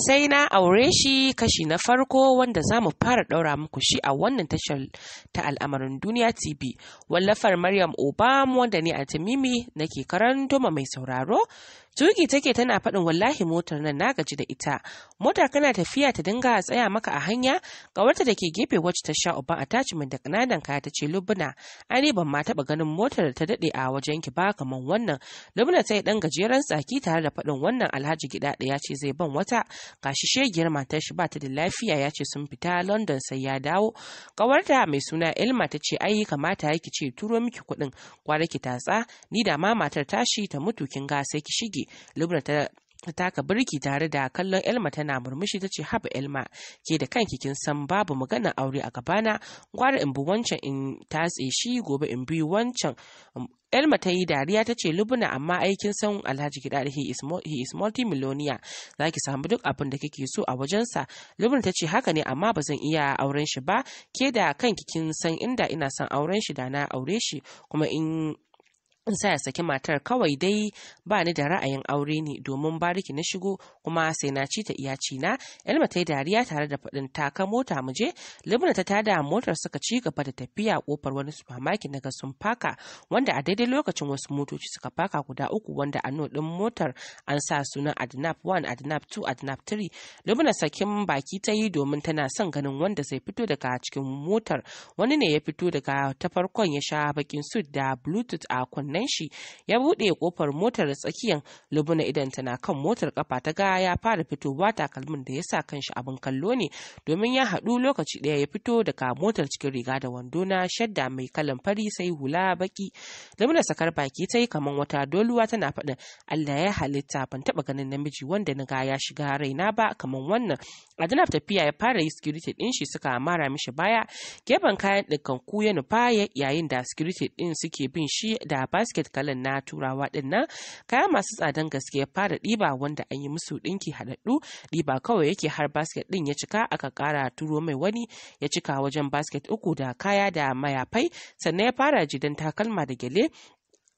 sai na aure shi kashi na farko wanda za mu fara ɗaura muku shi a wannan tashar ta al'amarin duniya tv wallafar maryam obam wanda ne a tamimi nake karanto ma mai sauraro tuki take tana faɗin wallahi motar nan na gaji da ita mota kana tafiya ta dinga tsaya maka a hanya ga wata da ke gefe wacce ta sha uban attachment da kananan kaya ta ce lubuna ani ban ma taɓa ganin motar da ta daɗe a wajen ki ba kaman wannan Lubna ta yi ɗan gajeren tsaki tare da faɗin wannan alhaji gida ɗaya ce zai ban wata gashi shegiyar matar shi ba ta da lafiya ya ce sun fita london sai ya dawo kawarta mai suna ilma ta ce ai kamata ya ki ce turo miki kuɗin kwara ki tatsa ni da ma matar tashi ta mutu kin ga sai ki shige Lubna ta taka birki tare da kallon Elma tana murmushi ta ce haba Elma ke da kanki kin san babu magana aure a gabana gwara in bi wancan in tatse shi gobe in bi wancan um, Elma ta yi dariya ta ce lubuna amma aikin san Alhaji gida he is, he is za ki samu duk abin da kike so a wajensa. Lubuna ta ce haka ne amma ba zan iya auren shi ba ke da kanki kin san inda ina son auren shi da na aure shi kuma in in sa ya saki matar kawai dai ba ni da ra'ayin aure ne domin bariki na shigo kuma sai na ci ta iyaci na elma ta yi dariya tare da faɗin taka mota mu je libna ta tada motar suka ci gaba da tafiya kofar wani supermarket na ga sun faka wanda a daidai lokacin wasu motoci suka faka guda uku wanda a din motar an sa sunan adnap 1 adnap 2 adnap 3 libna sakin baki ta yi domin tana son ganin wanda zai fito daga cikin motar wani ne ya fito daga ta farkon ya sha bakin suit da bluetooth a kunne kunnen shi ya buɗe kofar motar tsakiyan lubuna idan tana kan motar kafa ta ga ya fara ba takalmin da ya sa kan shi abin kallo ne domin ya haɗu lokaci ɗaya ya fito daga motar cikin riga da wando na shadda mai kalan fari sai hula baki lubuna sakar baki ta yi kamar wata doluwa tana faɗin Allah ya halitta ban taɓa ganin namiji wanda na ga ya shiga raina ba kamar wannan a tafiya ya fara yi security din shi suka mara mishi baya gefen kayan ku ya nufa yayin da security din suke bin shi da basket kalan na turawa din nan kaya masu tsadan gaske ya fara ɗiba wanda an yi musu ɗinki haɗaɗɗu ɗiba kawai yake har basket din ya cika aka ƙara turo mai wani ya cika wajen basket uku da kaya da mayafai sannan ya fara jidan takalma da gele.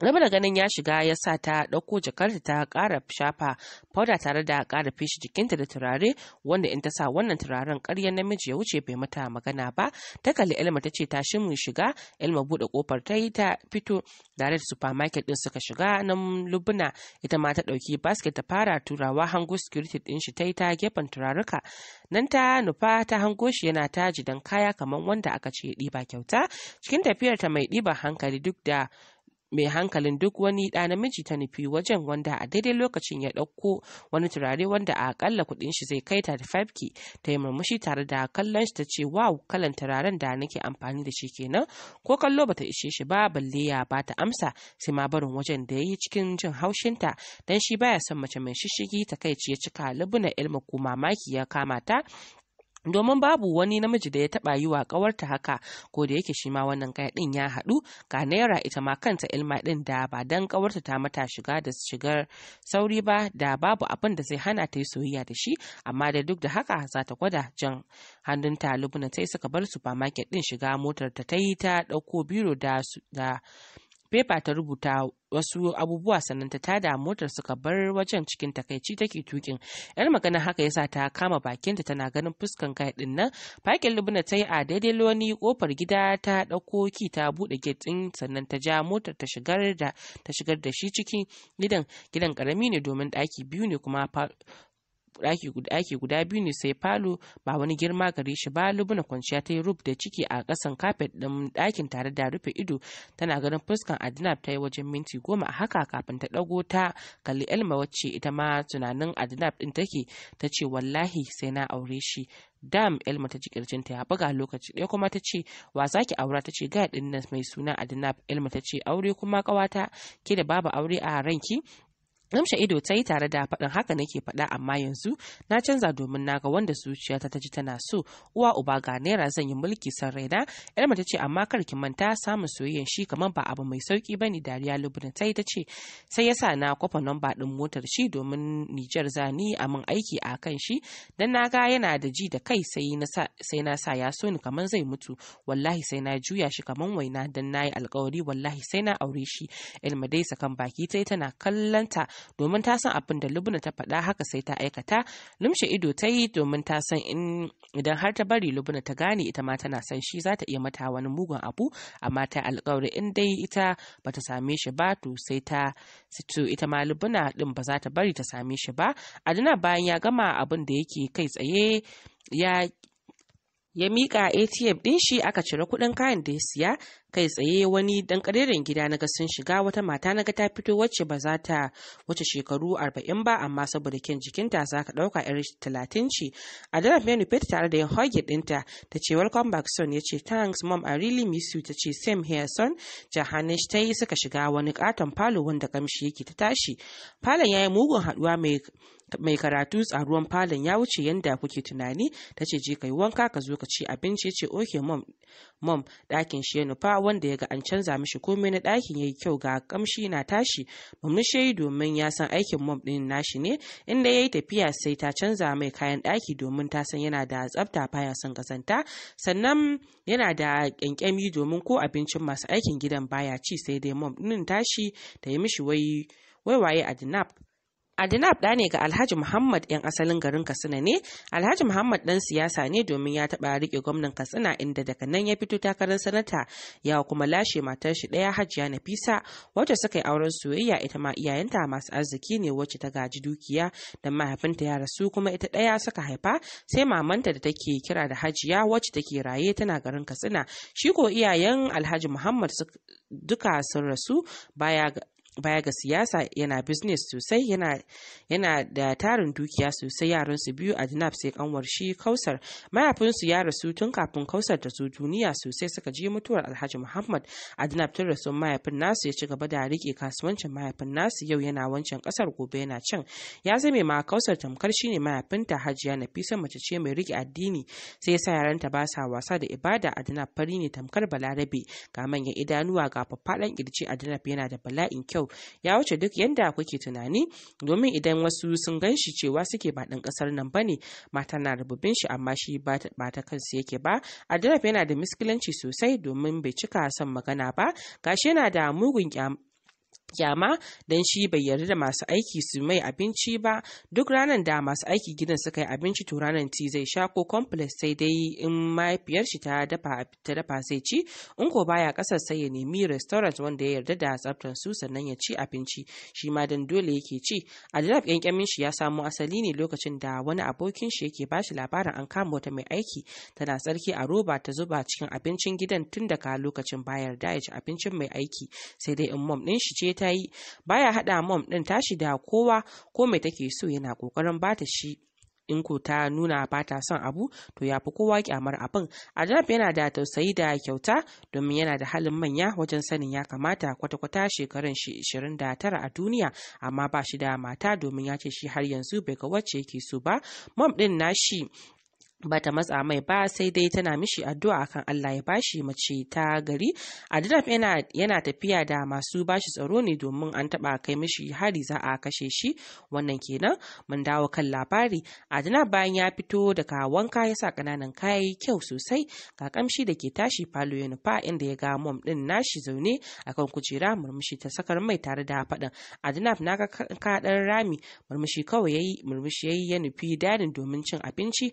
rabu da ganin ya shiga ya sa ta ɗauko jakarta ta kara shafa fauda tare da ƙara fishi jikinta da turare wanda in ta sa wannan turaren karya namiji ya wuce bai mata magana ba ta kalli elma ta ce ta shi mu shiga elma buɗe kofar ta yi ta fito tare da supermarket ɗin suka shiga nan lubuna ita ma ta ɗauki basket ta fara turawa hango security din shi ta yi ta gefen turaruka nan ta nufa ta hango shi yana ta jidan kaya kamar wanda aka ce ɗiba kyauta cikin tafiyar ta mai ɗiban hankali duk da mai hankalin duk wani ɗa namiji ta nufi wajen wanda a daidai lokacin ya ɗauko wani turare wanda a akalla kuɗin shi zai kai ta da fafki ta yi murmushi tare da kallon shi ta ce wow kalan turaren da nake amfani da shi kenan ko kallo bata ishe shi ba balle ya bata amsa sai ma barin wajen da ya yi cikin jin haushinta dan shi baya son mace mai shishigi ta kai ya cika libuna ilmi ko mamaki ya kama ta domin babu wani namiji da ya taba yi wa kawarta haka ko da yake shi ma wannan kai din ya hadu ga naira ita ma kanta ilma din da ba dan kawarta ta mata shiga da shigar sauri ba da babu abin da zai hana ta yi soyayya da shi amma da duk da haka za ta gwada jan hannun ta lubuna tai suka bar supermarket din shiga motar ta ta yi ta dauko biro da da pepa ta rubuta wasu abubuwa sannan ta tada motar suka bar wajen cikin takaici take tukin. Yar magana haka yasa ta kama bakinta tana ganin fuskan kai din nan. Fakin Lubna ta yi a daidai wani kofar gida ta dauko ki ta bude gate din sannan ta ja motar ta shigar da ta shigar da shi cikin gidan gidan karami ne domin daki biyu ne kuma ɗaki guda biyu ne sai falo ba wani girma gare shi ba lubuna kwanciya ta yi rub da ciki a kasan kafet ɗin dakin tare da rufe ido tana ganin fuskan adinab ta yi wajen minti goma a haka kafin ta ɗago ta kalli elma wacce ita ma tunanin adinab ɗin take ta ce wallahi sai na aure shi dam elma ta ji kirjinta ya buga lokaci ɗaya kuma ta ce wa ki aura ta ce ga ɗin nan mai suna adinab elma ta ce aure kuma ƙawata ke da babu aure a ranki Namshe ido ta yi tare da faɗin haka nake faɗa amma yanzu na canza domin naga wanda zuciyata ta ji tana so uwa uba ga naira zan yi mulki san raina yar mata ce amma kar ki manta samun soyayyen shi kamar ba abu mai sauki bane dariya lubuna ta yi ta ce sai yasa na kwafa namba din motar shi domin Nijar zani a min aiki a kan shi dan naga yana da ji da kai sai na sa ya so ni kamar zai mutu wallahi sai na juya shi kamar waina dan yi alkawari wallahi sai na aure shi ilma dai sakan baki ta yi tana kallanta domin ta san abin da lubna ta faɗa haka sai ta aikata lumshe ido ta yi domin ta san idan har ta bari lubna ta gane ita ma tana san shi za ta iya mata wani mugun abu amma ta alkawari in dai ita ba ta same shi ba to sai ta sito ita ma lubna din ba za ta bari ta same shi ba adana bayan ya gama abin da yake kai tsaye ya ya mika atm ɗin shi aka cire kuɗin kayan da ya siya kai tsaye wani dan kareren gida na ga sun shiga wata mata na ga ta fito wacce ba za ta wuce shekaru arba'in ba amma saboda kyan jikinta za ka ɗauka yar talatin ce a dalar menu fit tare da yin hoge ɗinta ta ce welcome back son ya ce thanks mom i really miss you ta ce same here son jahanish ta yi suka shiga wani katon falo wanda kamshi yake ta tashi falon ya yi mugun haduwa mai mai karatu tsaruwan falon ya wuce yadda kuke tunani ta ce je kai wanka ka zo ka ci abinci ce oke mom dakin shi ya nufa wanda ya ga an canza mishi komai na ɗakin ya yi kyau ga kamshi na tashi murmushe domin ya san aikin mob ɗin nashi ne inda ya yi tafiya sai ta canza mai kayan ɗaki domin ta san yana da tsafta baya son kasanta sannan yana da ƙyanƙyami domin ko abincin masu aikin gidan baya ci sai dai mob ɗin tashi ta yi mishi wai waiwaye a dinap Adinab ɗa ne ga Alhaji Muhammad ‘yan asalin garin Katsina ne, Alhaji Muhammad ɗan siyasa ne domin ya taɓa riƙe gwamnan Katsina inda daga nan ya fito takarar sanata ya kuma lashe matar shi ɗaya Hajiya Nafisa wacce suka yi auren soyayya ita ma iyayenta masu arziki ne wacce ta gaji dukiya da mahaifinta ya rasu kuma ita ɗaya suka haifa sai mamanta da take kira da Hajiya wacce take raye tana garin Katsina shi ko iyayen Alhaji Muhammad duka sun rasu baya baya ga siyasa yana business sosai yana da tarin dukiya sosai yaran su biyu adinab sai kanwar shi kausar mayafinsu ya rasu tun kafin kausar ta zo duniya sosai suka je mutuwar alhaji muhammad adinab tun rasu mayafin nasu ya ci gaba da rike kasuwancin mayafin nasu yau yana wancan kasar gobe yana can ya zame ma kausar tamkar shine ta hajiya nafisa mace ce mai rike addini sai yasa yaranta ba sa wasa da ibada adinab fari ne tamkar balarabe ga manyan idanuwa ga faffaɗan kirji adinab yana da bala'in kyau kyau ya wuce duk yadda kuke tunani domin idan wasu sun gan shi cewa suke ba ɗan ƙasar nan ba ne mata na rububin shi amma shi ba ta kansu yake ba Adarab yana da miskilanci sosai domin bai cika son magana ba gashi yana da mugun kyama don shi bai yarda da masu aiki su mai abinci ba duk ranar da masu aiki gidan suka yi abinci to ranar ti zai sha ko complex sai dai in mahaifiyar shi ta dafa ta dafa sai ci in ko baya kasar sai ya nemi restaurant wanda ya yarda da tsaftar su sannan ya ci abinci shi ma dan dole yake ci a draft shi ya samo asali ne lokacin da wani abokin shi yake bashi labarin an kama wata mai aiki tana tsarki a roba ta zuba cikin abincin gidan tun daga lokacin bayar da ya ci abincin mai aiki sai dai in mom din shi ce ta yi baya haɗa mom ɗin tashi da kowa ko mai take so yana kokarin bata shi in ko ta nuna bata son abu to yafi kowa kyamar abin adab yana da tausayi da kyauta domin yana da halin manya wajen sanin ya kamata kwata-kwata shekarun shi 29 a duniya amma ba shi da mata domin ya ce shi har yanzu bai ga wacce yake so ba mom din nashi bata matsa mai ba sai dai tana mishi addu'a akan Allah ya bashi mace ta gari Adinaf yana yana tafiya da masu bashi tsaro ne domin an taba kai mishi hari za a kashe shi wannan kenan mun dawo kan labari Adinaf bayan ya fito daga wanka ya sa kananan kayi kyau sosai ga kamshi da ke tashi falo ya nufa inda ya ga mom din nashi zaune akan kujera murmushi ta sakar mai tare da faɗin Adinaf na ga kaɗan rami murmushi kawai yayi murmushi yayi ya nufi dadin domin cin abinci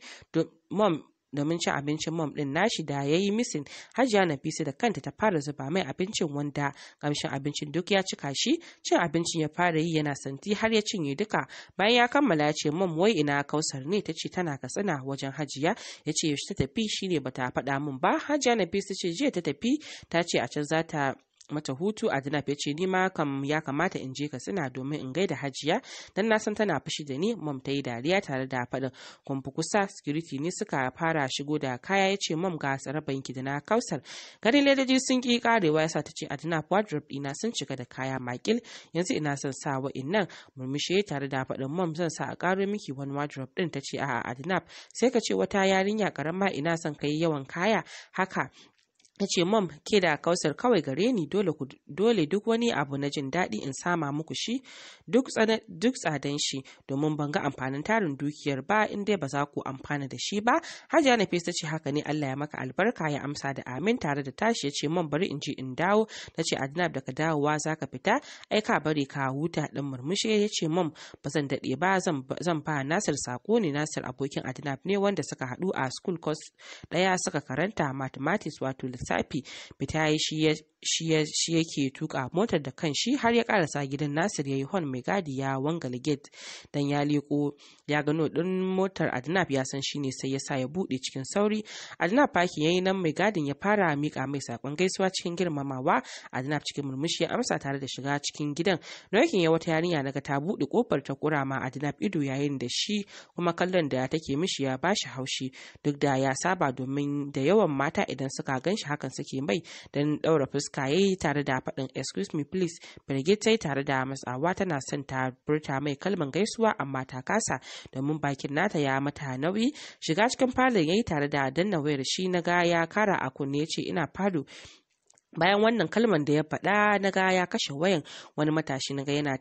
mom domin cin ci abincin mom din nashi da ya yi misin hajiya nafisa da kanta ta fara zuba mai abincin wanda gamshin abincin duk ya cika shi cin abincin ya fara yi yana santi har ya cinye duka bayan ya kammala ya ce mom wai ina kausar ne ta ce tana katsina wajen hajiya ya ce yaushe ta tafi shine bata faɗa min ba hajiya nafisa ce jiya ta tafi ta ce a can za ta mata hutu adinab ya ce ni kam ya kamata in je ka suna domin in gaida hajiya dan na san tana fushi da ni mom ta yi dariya tare da faɗin kun fi kusa security ne suka fara shigo da kaya ya ce mom ga tsaraban ki da na kausar garin ledoji sun ki karewa yasa ta ce adinab wardrobe ɗina sun cika da kaya makil yanzu ina son sa innan murmushe tare da faɗin mom zan sa a ƙaro miki wani wardrobe ɗin ta ce a'a adinab sai ka ce wata yarinya karama ina son kai yawan kaya haka ta ce mom ke da kausar kawai gare ni dole duk wani abu na jin daɗi in sama muku shi duk tsadan shi domin ban ga amfanin tarin dukiyar ba in dai ba za ku amfana da shi ba hajiya na ta ce haka ne allah ya maka albarka ya amsa da amin tare da tashi ya ce mom bari in je in dawo ta ce adnab daga dawowa za ka fita ai ka bari ka huta ɗin murmushi ya ce mom ba zan daɗe ba zan ba nasir sako ne nasir abokin adnab ne wanda suka haɗu a school course ɗaya suka karanta mathematics wato lissafi fita ya shi ya shi yake tuka motar da kan shi har ya karasa gidan nasir ya yi hon mai gadi ya wangale gate dan ya leko ya gano din motar adnab ya san shine sai ya sa ya bude cikin sauri adnab faki yayi nan mai gadin ya fara mika mai sakon gaisuwa cikin girmamawa adnab cikin murmushi ya amsa tare da shiga cikin gidan nokin ya wata yarinya daga ta bude kofar ta kurama adnab ido yayin da shi kuma kallon da take mishi ya bashi haushi duk da ya saba domin da yawan mata idan suka ganshi hakan suke mai dan daura fuska iska ya yi tare da faɗin excuse me please birgit ta tare da matsawa tana son ta furta mai kalman gaisuwa amma ta kasa domin bakin nata ya mata nauyi shiga cikin falon ya yi tare da danna wayar shi na ga ya kara a kunne ya ce ina falo bayan wannan kalman da ya faɗa na ga ya kashe wayan wani matashi na ga yana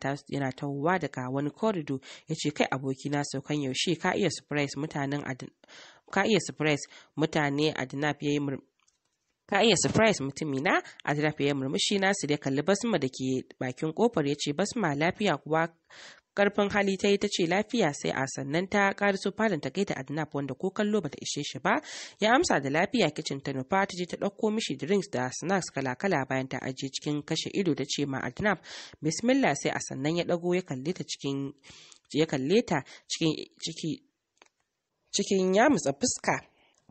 tahowa daga wani korido ya ce kai abokina saukan yaushe ka iya surprise mutane a ya yi ka iya surprise mutum na azraf ya murmushi nasir ya kalli basma da ke bakin kofar ya ce basma lafiya kuwa karfin hali ta yi ta ce lafiya sai a sannan ta so falon ta gaita adnaf wanda ko kallo bata ishe shi ba ya amsa da lafiya kicin ta nufa ta je ta ɗauko mishi drinks da snacks kala-kala bayan ta ajiye cikin kashe ido ta ce ma adnaf bismillah sai a sannan ya ɗago ya kalle ta cikin ya kalle ta cikin cikin ya fuska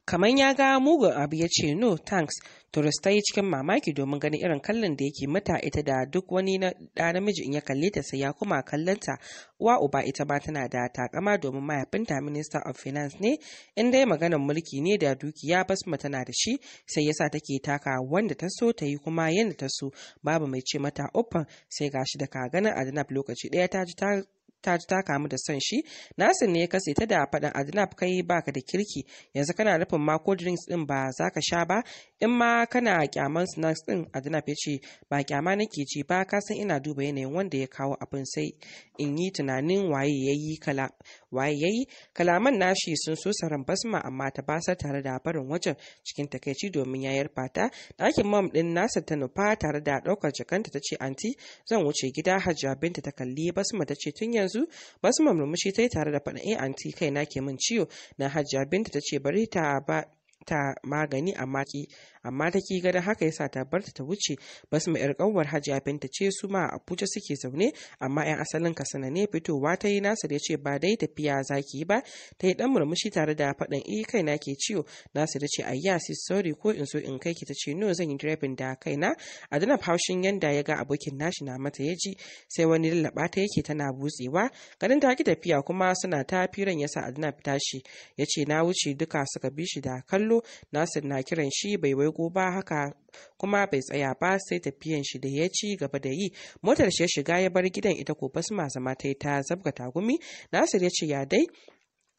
kamar ya ga mugun abu ya ce no thanks turistai ta yi cikin mamaki domin ganin irin kallon da yake mata ita da duk wani na da namiji in ya kalle ta sai ya kuma kallonta uwa uba ita ba tana da takama domin mahaifinta minister of finance ne in dai maganar mulki ne da dukiya basma tana da shi sai yasa take taka wanda ta so ta yi kuma yadda ta so babu mai ce mata open sai gashi da ka ganin adanab lokaci daya ta ji ta ta ji ta kamu da son shi nasir ne ya kase ta da faɗin adnab kai baka da kirki yanzu kana nufin ma ko drinks din ba za ka sha ba in ma kana kyaman snacks din adnab ya ce ba kyama nake ji ba ka san ina duba yanayin wanda ya kawo abin sai in yi tunanin waye ya yi kala waye yayi kalaman nashi sun so saran basma amma ta basa tare da barin wajen cikin takaici domin yayar fata ɗakin mam ɗin nasa ta nufa tare da ɗaukar jakanta ta ce anti zan wuce gida hajja binta ta kalli basma ta ce tun yanzu basma murmushi ta yi tare da faɗin eh anti kai na ke min ciwo na hajja binta ta ce bari ta ba ta magani amma ki amma ta ki gada haka yasa ta barta ta wuce basma yar kanwar hajiya binta ce su ma a abuja suke zaune amma yan asalin kasana ne fitowa ta yi nasir ya ce ba dai tafiya zaki ba ta yi dan murmushi tare da faɗin eh kai na ke ciwo nasir ya ce ayya si sorry ko in so in kai ki ta ce no zan yi driving da kaina adana haushin yanda ya ga abokin nashi na mata ya ji sai wani lallaba ta yake tana butsewa ganin ta ki tafiya kuma suna ta firan yasa adana fita shi ya ce na wuce duka suka bi shi da kallo nasir na kiran shi bai wai ba haka kuma bai tsaya ba sai tafiyan shi da ya ci gaba da yi motar shi ya shiga ya bar gidan ita ko basma zama ta yi ta zabga tagumi nasir ya ce ya dai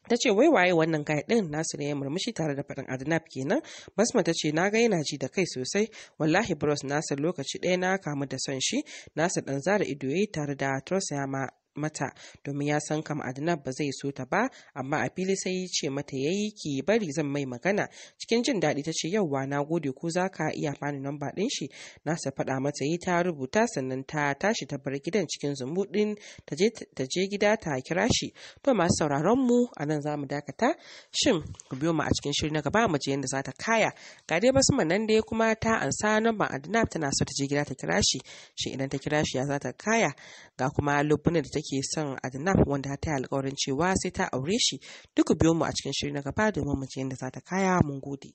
ta ce wai waye wannan kai din nasir ya murmushi tare da faɗin adnab kenan basma ta ce na ga yana ji da kai sosai wallahi bros nasir lokaci ɗaya na kamu da son shi nasir ɗan zara ido yayi tare da tausaya ma mata domin ya san kam Adnan ba zai so ta ba amma a fili sai ya ce mata yayi ki bari zan mai magana cikin jin daɗi ta ce yauwa na gode ko za ka iya bani namba ɗin shi na nasa faɗa mata yi ta rubuta sannan ta tashi ta bar gidan cikin zumuɗin ta je gida ta kira shi to masu sauraron mu a nan za mu dakata shin ku biyo mu a cikin shiri na gaba mu je yadda za ta kaya ga dai basu nan dai kuma ta ansa namba Adnan tana so ta je gida ta kira shi shin idan ta kira shi ya za ta kaya ga kuma lubbuna da take son Adnan wanda ta yi alkawarin cewa sai ta aure shi duka biyo mu a cikin shiri na gaba domin mu ji yadda za ta kaya mun gode.